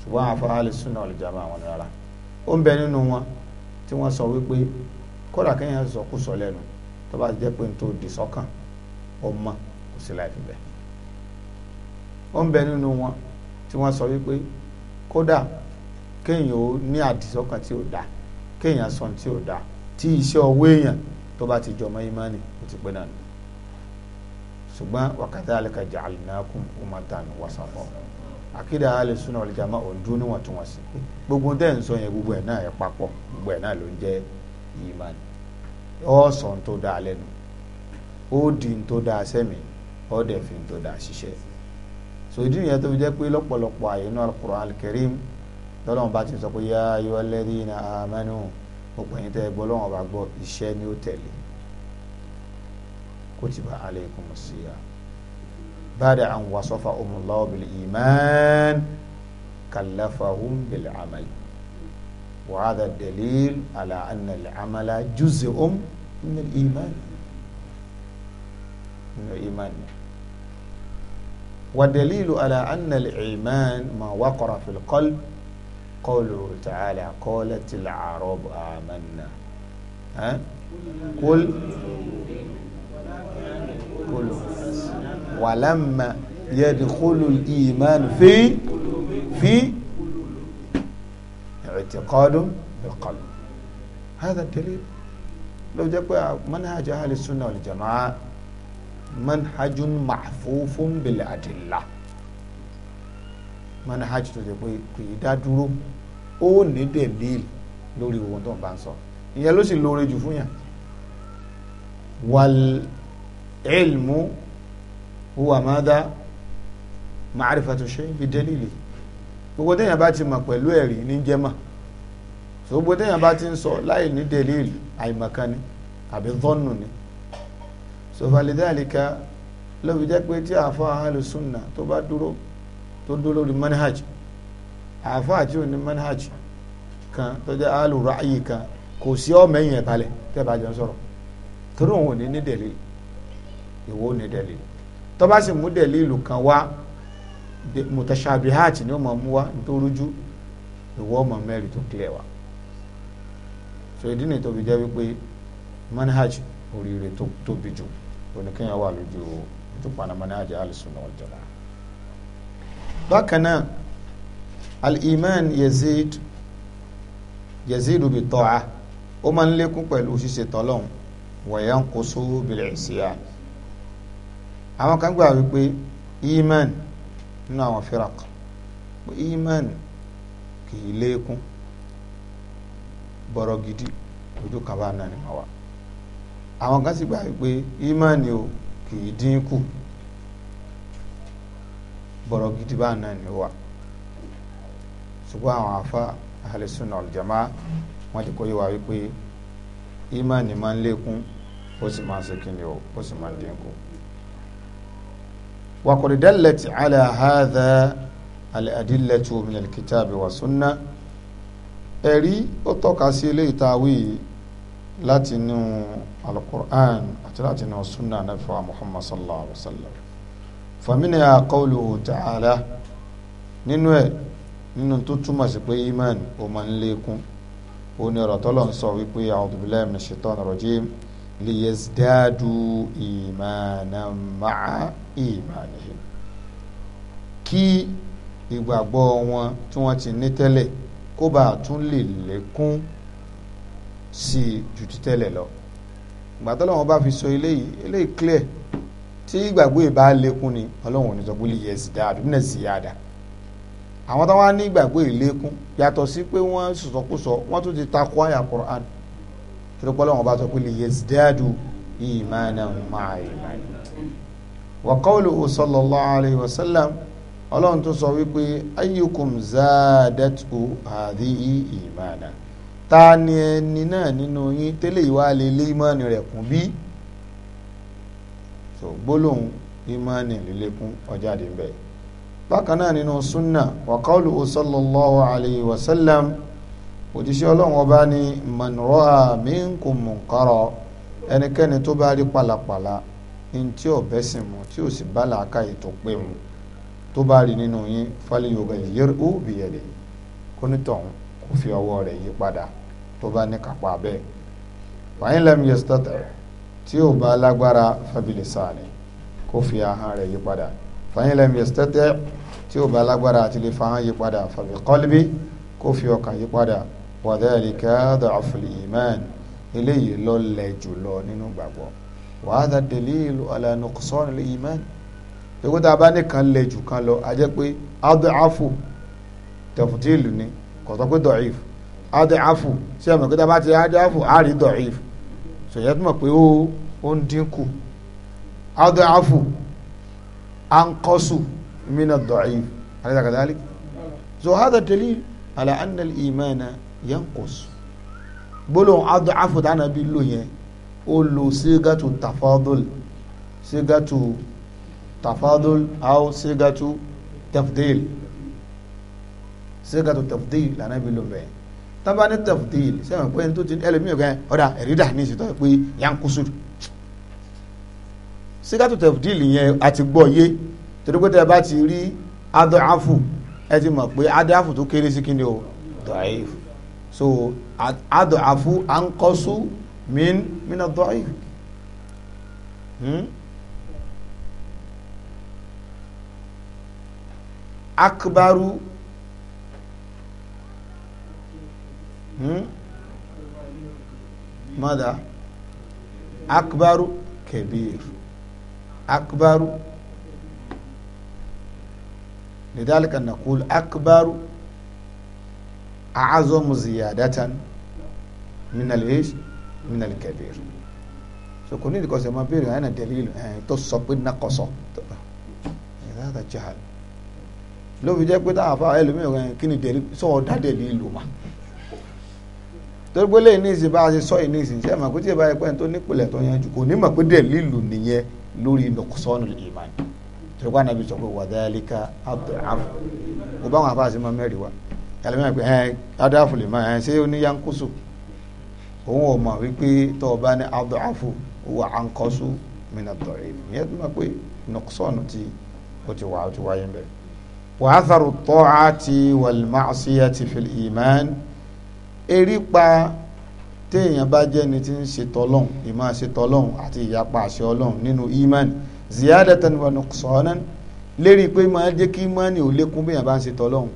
ṣùgbọ́n àfáàlì súnà ọ̀lẹ́jàmá àwọn rárá ó ń bẹ nínú wọn tí wọ́n sọ wípé kódà kéèyàn sọ kú sọ lẹ́nu tó bá jẹ́ pé n tó di sọ́kàn ó mọ̀ kò sí láì fi bẹ́ẹ̀ ó ń bẹ nínú wọn tí wọ́n sọ wípé kódà kéèyàn ó ní àdìsọ́kàn tí ò da kéèyàn sọ tí ò da tí iṣẹ́ ọwọ́ èèyàn tó bá ti jọmọ́ ìmánì ó ti pé náà nù ṣùgbọ́n wa kadhalika ja'alnakum ummatan wasata àkídà alẹ́sùnà ọ̀lẹ́jàmá ọ̀dún níwọ̀ntúnwọ̀nsì gbogbo tẹ́ ń sọ yẹn gbogbo ẹ̀ náà ẹ̀ papọ̀ gbogbo ẹ̀ náà ló ń jẹ́ ìmánì ọ̀sọ̀ ń tó da lẹ́nu ó di ń tó da sẹ́mi ó dẹ̀ fi ń tó da ṣiṣẹ́ so ìdí nìyẹn tó fi jẹ́ pé lọ́pọ̀lọpọ̀ àyè inú al-Qur'an al-Karim lọ́lọ́run bá ti sọ pé yá ayyuhalladhina amanu gbogbo ẹ̀yin tẹ́ gbọ́ كتب عليكم الصيام بعد أن وصفهم الله بالإيمان كلفهم بالعمل وهذا الدليل على أن العمل جزء من الإيمان من الإيمان ودليل على أن الإيمان ما وقر في القلب قوله تعالى قالت العرب آمنا ها؟ قل wàlámà yẹdìkúlù ìmánu fi fi ìrètìkọ́dù ìkọlù hádà délé ló jẹ́ pé manhaj ahli sunna wal jamaa manhajun mahfufun bil adilla manhaj tó jẹ́ pé kì í dá dúró ó ní dẹ̀líl lórí ohun tó ń bá ń sọ ìyẹn ló sì lóore jù fún yàn wal ilmu. هو mada معرفة shay bi dalili gbogbo téèyàn bá ti mọ̀ pẹ̀lú ẹ̀rí ní jẹ́mà gbogbo téèyàn bá ti ń sọ láì ní dalili àìmọ̀kan àbí dhannu ni so falidhalika ló fi jẹ́ pé tí àáfà ahlus sunna tó bá dúró tó dúró lórí manhaj àáfà àti òní manhaj kan tó jẹ́ ahlur ra'yi kan kò sí ọmọ ẹ̀yìn ẹ̀ balẹ̀ tẹ́ bá jọ sọ̀rọ̀ torí òun ò ní ní dalili ìwọ ò ní dalili tó bá sì mú dẹ̀lílù kan wá mutashabihat ni ó máa mú wá nítorújú ìwọ ọmọ mẹ́rin tó clear wa so ìdí nìyí tó fi jẹ́ wípé manhaj oríire tó tóbi jù oníkẹ́yìn wà lójú ojú paná manhaj al-sunnah wal bákan náà al-iman yazid yazidu bi ta'ah ó máa ń lékún pẹ̀lú ṣíṣe tọ́lọ́hún wa yanqusu bil-'isyan àwọn kan gbà wípé iman nínú àwọn firak pé iman kì í lékún bọ̀rọ̀ gidi ojú kan bá nani ma wa àwọn kan sì gbà wípé iman o kì í dín kù bọ̀rọ̀ gidi bá nani wa ṣùgbọ́n àwọn afa ahalisunna aljama wọ́n ti kọ́ yé wa wípé iman ni máa ń lékún ó sì máa ń ṣe kíni o ó sì máa ń dín kù. وقد دلت على هذا الأدلة من الكتاب والسنة ẹ̀rí ó tọ́ka sí eléyìí tá a wí láti inú alukur'an àti láti inú sunna nabi wa muhammad sallallahu alaihi wa sallam faminha qawluhu ta'ala nínú ẹ̀ nínú tó túmọ̀ sí pé iman ó máa ń lékún ó ní ọ̀rọ̀ tọ́lọ̀ ń sọ wípé a'udhu billahi minash shaitani rajim liyazdadu imanan ma'a imanihim kí ìgbàgbọ́ wọn tí wọ́n ti ní tẹ́lẹ̀ kó bá tún lè lékún sí i ju ti tẹ́lẹ̀ lọ ìgbà tó lọ́wọ́ bá fi sọ eléyìí eléyìí clear tí ìgbàgbọ́ ìbá lékún ni ọlọ́run ò ní sọ pé lè yẹ zidada bí náà àwọn tó wá ní ìgbàgbọ́ ìlékún yàtọ̀ sí pé wọ́n sọ̀sọ̀kúsọ wọ́n tún ti takò àyà Qur'an tó lọ́wọ́ bá sọ pé lè yẹ zidadu ìmánan máa ìmánan wa qawluhu sallallahu alayhi wa sallam ọlọ́run tó sọ wípé ayyukum zaadatu hadhihi imana ta ni ẹni náà nínú yín tẹ́lẹ̀ ìwà lè lé rẹ̀ kún bí so gbólóhùn ìmánì lílékún ọjáde bẹ́ẹ̀ bákan náà nínú súnà wa qawluhu sallallahu alayhi wa sallam òjíṣẹ́ ọlọ́run ọba ni man ra'a minkum munkara ẹnikẹ́ni in tí ò bẹ́sìn mu tí ò sì bá làákàyè tó pé mu tó bá rí nínú yín falyughayyirhu biyadihi kónítọ̀hún kò fi ọwọ́ rẹ̀ yí padà tó bá ní kápá bẹ́ẹ̀ wa in lam yastati' tí ò bá lágbára fabilisani kó fi ahọ́n rẹ̀ yí padà fa in lam yastati' tí ò bá lágbára àti lè fahọ́n yí padà fabiqalbi kó fi ọkàn yí padà wa dhalika iman eléyìí ló lẹ jùlọ nínú wàhádà dalilu ala nuqsan al-iman pẹ̀kú tá a bá nìkan lẹ̀ jù kan lọ a jẹ́ pé ad'afu tẹ̀fùtìlù ni kò sọ pé da'if ad'afu sí ẹ̀mọ̀ kí tá a bá ti ad'afu a rí da'if sọ̀yẹ́ tó mọ̀ pé ó ó ń dínkù ad'afu anqasu min ad-da'if alaysa kadhalik so hada dalil ala anna al-imana yanqus gbólóhùn ad'afu tá a nà bí lò yẹn ó lo sígàtú tafadul sígàtú tafadul aw sígàtú tafdil sígàtú tafdil lànà bí ló bẹ́ẹ̀ tábà ní tafdil sẹ́wọ̀n pé tó ti ẹlòmíràn kan ọ̀dà ẹ̀rídà ní ìṣètò pé yankusu sígàtú tafdil yẹn àti gbọ́ yé torí pé tẹ́ ẹ bá ti rí adọ́àfù ẹ ti mọ̀ pé adọ́àfù tó kéré sí kíni o dọ̀àìfù so adọ́àfù à ń kọ́ sùn. من من الضعيف أكبر ماذا أكبر كبير أكبر لذلك نقول أكبر أعظم زيادة من الإيش؟ minal kabir so kò ní ìdíkọ̀sẹ̀ máa béèrè àyànà dẹ́lílù tó sọ pé nàkọ̀sọ̀ ìdáàdà jahal ló fi jẹ́ pé táwọn afá ẹlòmíràn rẹ̀ kí ni dẹ́lílù sọ ọ̀dà dẹ́lílù mà torí pé lẹ́yìn ní ìsìn bá a ṣe sọ yìí ní ìsìn sẹ́yìn mà kó tí ì bá yẹ pé tó nípìnlẹ̀ tó yanjú kò ní mà pé dẹ́lílù nìyẹn lórí nọ̀kọ̀sọ́nù ìmàn torí pé ànábi sọ pé wàdálíkà abdulhamu kò bá àwọn afá àti mọ́ mẹ́rin wa ẹlòmíràn pé ẹ adáfùlẹ̀ máa ẹ ṣé ó ní yankusu òun ò mọ̀ wípé tó o bá ní adọ́àfù wà á ń kọ́sù mìíràn dọ̀rẹ́ ìyẹn tó máa pé nọ́kṣọ́ọ̀nù tí ó ti wà ó ti wáyé bẹ́ẹ̀. wa atharu at-ta'ati wal-ma'siyati fil iman erí pa téèyàn bá jẹ́ ni tí ń ṣe tọ́lọ́hún ìmọ̀ ṣe tọ́lọ́hún àti ìyapa àṣẹ ọlọ́hún nínú iman ziyadatan wa nuqsanan lérí pé máa jẹ́ kí imani ò lékún béèyàn bá ń ṣe tọ́lọ́hún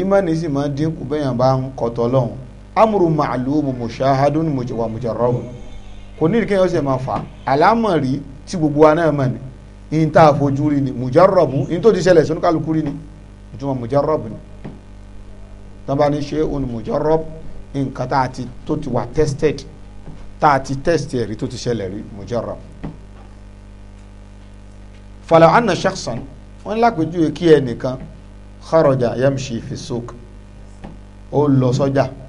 imani sì máa dínkù béèyàn bá ń kọ́ tọ́lọ́hún amúrù màálùmù mùsàhádùn mùjẹwà mùjẹrọrùn kò ní ìdíkẹ́ ọ̀sẹ̀ máa fà àlámọ̀rí tí gbogbo wa náà mọ̀ ni in tá a fojú rí ni mùjẹrọrùn in tó ti ṣẹlẹ̀ sínú kálukú rí ni ìtumọ̀ mùjẹrọrùn tọ́ba ní ṣe òun mùjẹrọrùn nǹkan tá a ti tó ti wà tested tá a ti test ẹ̀rí tó ti ṣẹlẹ̀ rí mùjẹrọrùn. fàlà àna ṣàkṣàn wọn lápèjúwe kí ẹnìkan kharaja yamshi fi suq ó lọ sọ́jà. So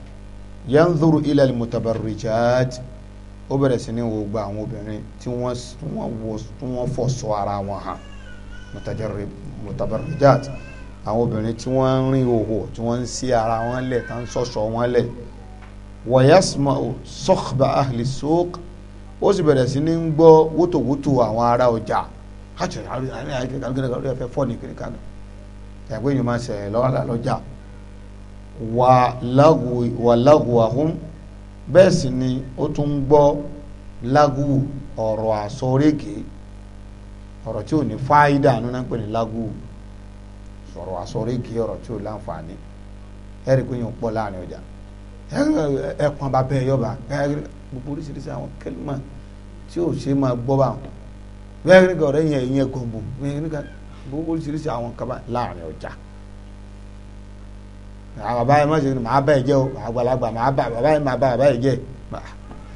yanzuru ila mutabarrijat ó bẹ̀rẹ̀ sí ní wo gba àwọn obìnrin tí wọ́n wọ tí wọ́n fọ̀ sọ ara wọn hàn mutabarrijat àwọn obìnrin tí wọ́n ń rìn òhò tí wọ́n ń sí ara wọn lẹ̀ tá ń sọ̀sọ̀ wọn lẹ̀ wa yasma'u sukhba ahli suq ó sì bẹ̀rẹ̀ sí ní gbọ́ wótòwótò àwọn ará ọjà káàkiri àwọn ẹ̀fẹ́ fọ́ ní kiri kan ẹ̀gbẹ́ yìí máa ń ṣẹlẹ̀ lọ́wọ́ lọ́jà wà lágùwàhún bẹ́ẹ̀ sì ni ó tún ń gbọ́ lágùwù ọ̀rọ̀ àsọ̀rẹ́gẹ́ ọ̀rọ̀ tí ò ní fáyidà nínú pé ní lágùwù ọ̀rọ̀ àsọ̀rẹ́gẹ́ ọ̀rọ̀ tí ò láǹfààní ẹ̀rí pé yóò pọ̀ láàrin ọjà ẹ̀pọ̀n bàbá ẹ̀ yọba gbogbo oríṣiríṣi àwọn kẹlímà tí ò ṣe máa gbọ́ bá wọn bẹ́ẹ̀ ní ọ̀rẹ́ yẹn ìyẹn gbọ̀ngbò gbogbo oríṣiríṣi àwọn kaba láàrin ọjà àwọn bàbá yẹn mọ̀sí ni màá bá ẹ jẹ́ o àgbàlagbà màá bá bàbá yẹn máa bá bàbá yẹn jẹ́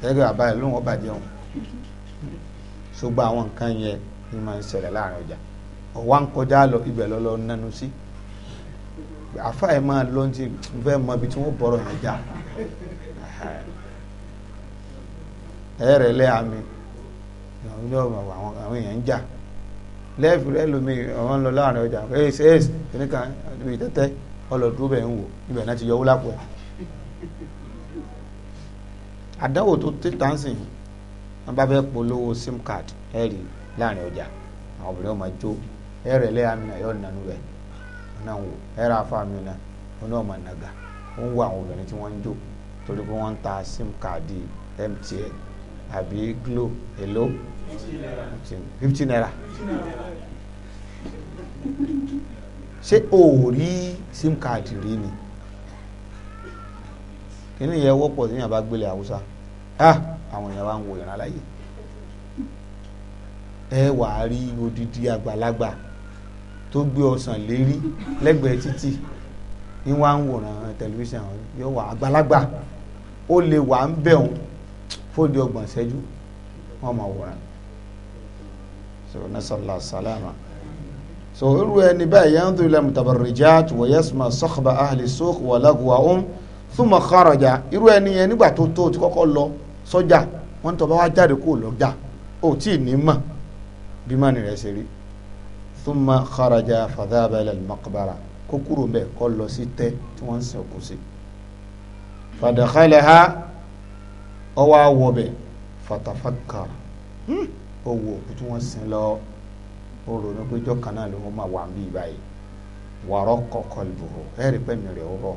ẹgbẹ́ bàbá yẹn ló ń wọ́n bàjẹ́ wọn ṣùgbọ́n àwọn nǹkan yẹn ni máa ń ṣẹlẹ̀ láàrin ọjà ọ̀wá ń kọjá lọ ibẹ̀ lọ́lọ́ nánú sí àfa ẹ̀ máa lọ ti fẹ́ mọ ibi tí wọ́n bọ̀rọ̀ yẹn já ẹ̀rẹ̀ lẹ́yà mi àwọn èèyàn ń jà lẹ́ẹ̀fù rẹ̀ lómi lọ láàrin ọjà ẹ̀ẹ́sì ẹ̀ẹ́sì kìnnìkan ìtẹ́tẹ́ ọlọ́dún bẹ̀ ń wò ibẹ̀ náà ti yọ àdáwò tó tẹ́tà ń sìn sim card ẹ rí láàrin ọjà àwọn obìnrin ọmọ jó ẹ rẹ̀ lẹ́yà mi náà rẹ̀ wọn náà wò náà wọn náà mọ̀ nàgà ó ń wo àwọn obìnrin tí wọ́n ń jó torí pé sim card MTN àbí Glo èlò ṣé o ò rí sim card rí ni kíní yẹn wọ́pọ̀ tí yàrá bá gbélé haúsá àwọn èèyàn bá ń wo ìran aláyè ẹ wà á rí odidi àgbàlagbà tó gbé ọsàn lérí lẹ́gbẹ̀ẹ́ títì ní wà ń wòran tẹlifíṣàn yóò wà àgbàlagbà ó lè wà ń bẹ̀ òun fóde ọgbọ̀n ṣẹ́jú wọ́n máa wòran sọ̀rọ̀ náà sọ̀rọ̀ làṣàlámà so irú ẹni báyìí yẹn tó ilẹ̀ mutabarrijat wa yasma sakhba ahli suq wa lagwahum thumma kharaja irú ẹni yẹn nígbà tó tó ti kọ́kọ́ lọ sọ́jà wọ́n ń tọ́ bá wá jáde kó lọ́jà ó tí ì ní mọ̀ bí mọ́ni rẹ̀ ṣe rí thumma kharaja fadhaba ila al kó kúrò mbẹ kó lọ sí tẹ́ tí wọ́n ń sí ó ronú pé jọ́ kan náà ló ń máa wà ń bí báyìí wàrọ́ kọ̀kọ́ ìbòho ẹ̀rí pẹ̀mí rẹ̀ ó rọ̀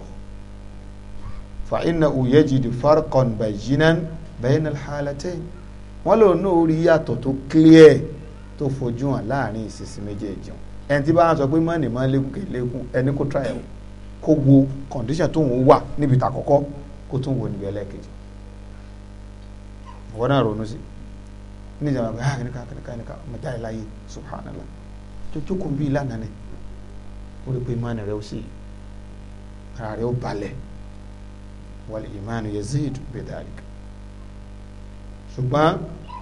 fa inna yajidu farqan bayinan bayna al-halatayn wọ́n lò ní orí yàtọ̀ tó clear tó fojú hàn láàrin ìsinsin méjèèjì ẹni tí bá ń sọ pé mọ́ni máa lékun kì í lékun ẹni kó try ẹ̀ kó wo condition tó ń wà níbi tàkọ́kọ́ kó tún wo níbi ẹlẹ́ẹ̀kejì wọ́n náà ronú sí i ní ìjàmbá pé hàn nìkan nìkan nìkan ọmọ jáde láyé subhanallah tó tó kún bí ìlànà ni ó rí pé ìmánu rẹ ó sì ara rẹ ó balẹ̀ wal ìmánu yazid bi dhalik ṣùgbọ́n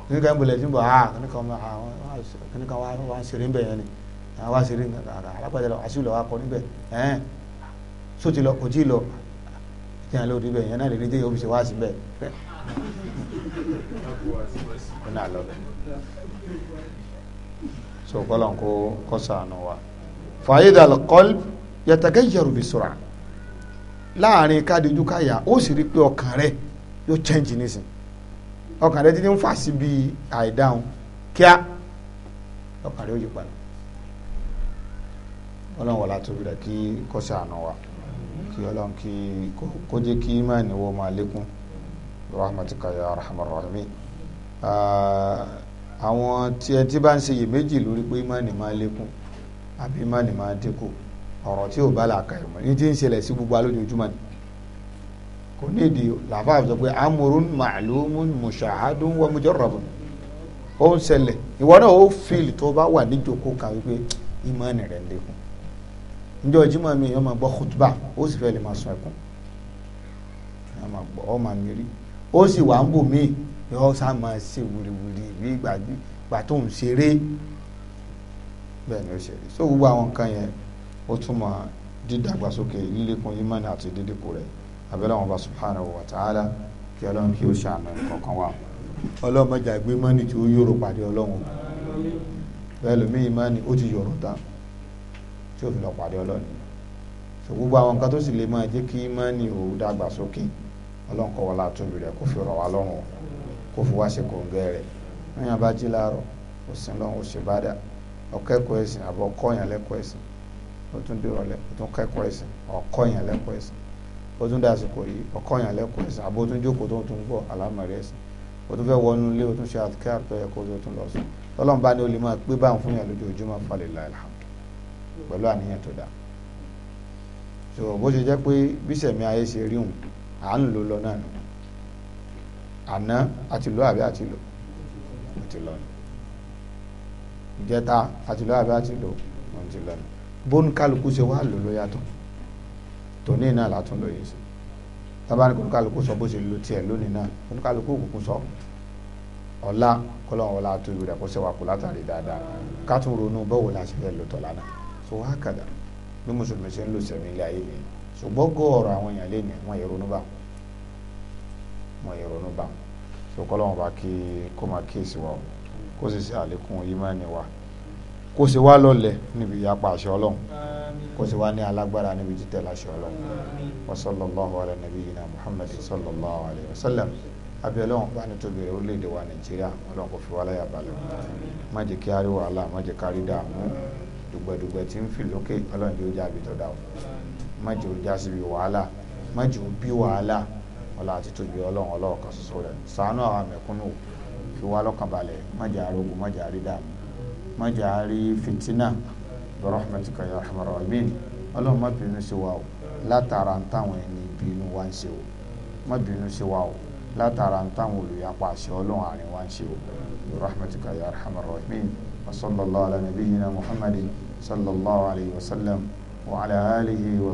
nìkan ìbùlẹ̀ tí ń bọ̀ hàn nìkan ọmọ nìkan wà ń ṣeré ń bẹ̀ yẹn ni àwọn Eh. alápàdé àṣírí lọ́wọ́ akọ níbẹ̀ ẹ̀ẹ́n sóti lọ kò tí ì lọ ìjìnlẹ̀ òdìbẹ̀ yẹn náà lè rí dé ọ́fíìsì wá ó náà lọ bẹ̀ so kọ́lọ̀ kó kọ́ sànù wa fàyídà alqalb yatagayyaru bisura láàrin kádìjú káyà ó sì rí pé ọkàn rẹ yóò change nísìn change rẹ ti ní ń fà sí bi àìdáhùn kíá ọkàn rẹ ó yí padà ọlọ́run wàlá tóbi rẹ̀ kí kọ́sẹ̀ àná wa kí ọlọ́run kí kó jẹ́ kí imáàní wọ́n máa lékún rahmatika ya arhamar rahimin àwọn tí ẹ ti bá ń ṣe iyèméjì lórí pé imáni máa lékún àbí imáni máa dínkù ọ̀rọ̀ tí ò bá là ka ìmọ̀ ní tí ń ṣẹlẹ̀ sí gbogbo alójoojúmọ́ ni kò ní ìdí làbáà sọ pé amúrún màlúmún mùsàádùn wa mujarrabun ó ń ṣẹlẹ̀ ìwọ náà ó fíìlì tó bá wà níjókòó kan wípé imáni rẹ̀ ń lékún njọ jimá mi yọ máa gbọ́ kútubá ó sì fẹ́ lè máa sun ẹkún ọ máa gbọ́ ọ máa mírí ó sì wà ń bò mí yọ sá máa ṣe wìrìwìrì bí ìgbà tó ń ṣeré bẹ́ẹ̀ ni ó ṣe rí so gbogbo àwọn nǹkan yẹn ó túmọ̀ dídàgbàsókè lílékun ìmánì àti dídínkù rẹ̀ abẹ́rẹ́ àwọn ọba subhanahu wa ta'ala kí ọlọ́run kí ó ṣàánú kankan wa ọlọ́run mẹ́jà gbé mọ́nì tí ó yòrò pàdé ọlọ́run bẹ́ẹ̀ lómi ìmánì ó ti yòrò tán tí ó fi lọ pàdé ọlọ́run so gbogbo àwọn nǹkan tó sì lè máa jẹ́ kí ìmánì ó dàgbàsókè ọlọ́run kọ́ wọlé àtúbí rẹ̀ kó fi rọ̀ wá lọ́rùn kó fi wá ṣe kòǹgẹ́ rẹ̀ lóyún abájí láàárọ̀ ó sin lọ́run ó ṣe bàdà ọ̀kẹ́kọ̀ọ́ ẹ̀sìn àbọ̀ ọkọ̀yàn lẹ́kọ̀ọ́ ẹ̀sìn ó tún dé ọ̀lẹ́ ó tún kẹ́kọ̀ọ́ ẹ̀sìn ọkọ̀yàn lẹ́kọ̀ọ́ ẹ̀sìn ó tún dá àsìkò yìí ọkọ̀yàn lẹ́kọ̀ọ́ ẹ̀sìn àbó tún jókòó tó tún gbọ́ àlámọ̀rẹ́ ẹ̀sìn ó tún fẹ́ wọnú ilé ó tún ṣe àtikẹ́ àtọ́ ẹ̀kọ́ ó tún lọ sùn ọlọ́run bá ní o máa pé báwọn fún yàn lójoojúmọ́ falẹ̀lá alhamdu pẹ̀lú àníyàn tó dáa so bó ṣe jẹ́ pé bísẹ̀mí ayé ṣe rí à ń lò lọ náà nù àná àti lò àbí àti lò àti lọ nù ìjẹta àti lò àbí àti lò àti lọ nù bóun kálukú ṣe wá lò ló yàtọ̀ tòní náà látún lóye sí tábàánì kò kálukú sọ bó ṣe lo tiẹ̀ lónìí náà kò kálukú òkùnkùn sọ ọ̀la kọ́lọ́n ọ̀la tó ìwé rẹ̀ kó ṣe wà kó látàrí dáadáa ká ronú bọ́wọ́ la ṣe fẹ́ lò tọ́lá náà so wá kàdà bí mùsùlùmí ṣe ń lò sẹ́mi ilé ayé nìyẹn ṣùgbọ́n gọ́ọ̀rọ̀ àwọn èèyàn lé ní àwọn èrò níbà wọn wọn yẹ ronú bá wọn so kọ́lọ́wọ́n bá kí kó máa kíyèsí wa o kó sì ṣe àlékún ìmánì wa kó sì wá lọ́lẹ̀ níbi ìyapa àṣẹ ọlọ́run kó sì wá ní alágbára níbi títẹ̀ láṣẹ ọlọ́run wa sallallahu ala muhammad sallallahu alayhi wa sallam abẹ́ ọlọ́run bá ní tóbi rẹ̀ orílẹ̀-èdè wa nàìjíríà ọlọ́run kò fi wá láyà balẹ̀ má jẹ́ kí ariwo àlà má jẹ́ kárí dààmú dùgbẹ̀dùgbẹ̀ tí ń fi lókè ọlọ́run yóò já àbí tó dà o má jẹ́ òjá síbi wàhálà má jẹ́ òbí wàhálà ọlá àti tóbi ọlọ́run ọlọ́run kan ṣoṣo rẹ̀ ṣàánú àwọn mẹ̀kúnnù fi wá lọ́kàn balẹ̀ má jẹ́ arógun má jẹ́ àrídàmú má jẹ́ àrí fìtínà rahmatika ya rahmar rahimin ọlọ́run má bínú sí wa o látara ń táwọn ẹni bínú wá ń ṣe o má bínú sí wa o látara ń táwọn olùyapa àṣẹ ọlọ́run àárín wá ń ṣe o rahmatika ya rahmar rahimin wa sallallahu ala nabiyyina muhammadin sallallahu alayhi wa sallam wa ala alihi wa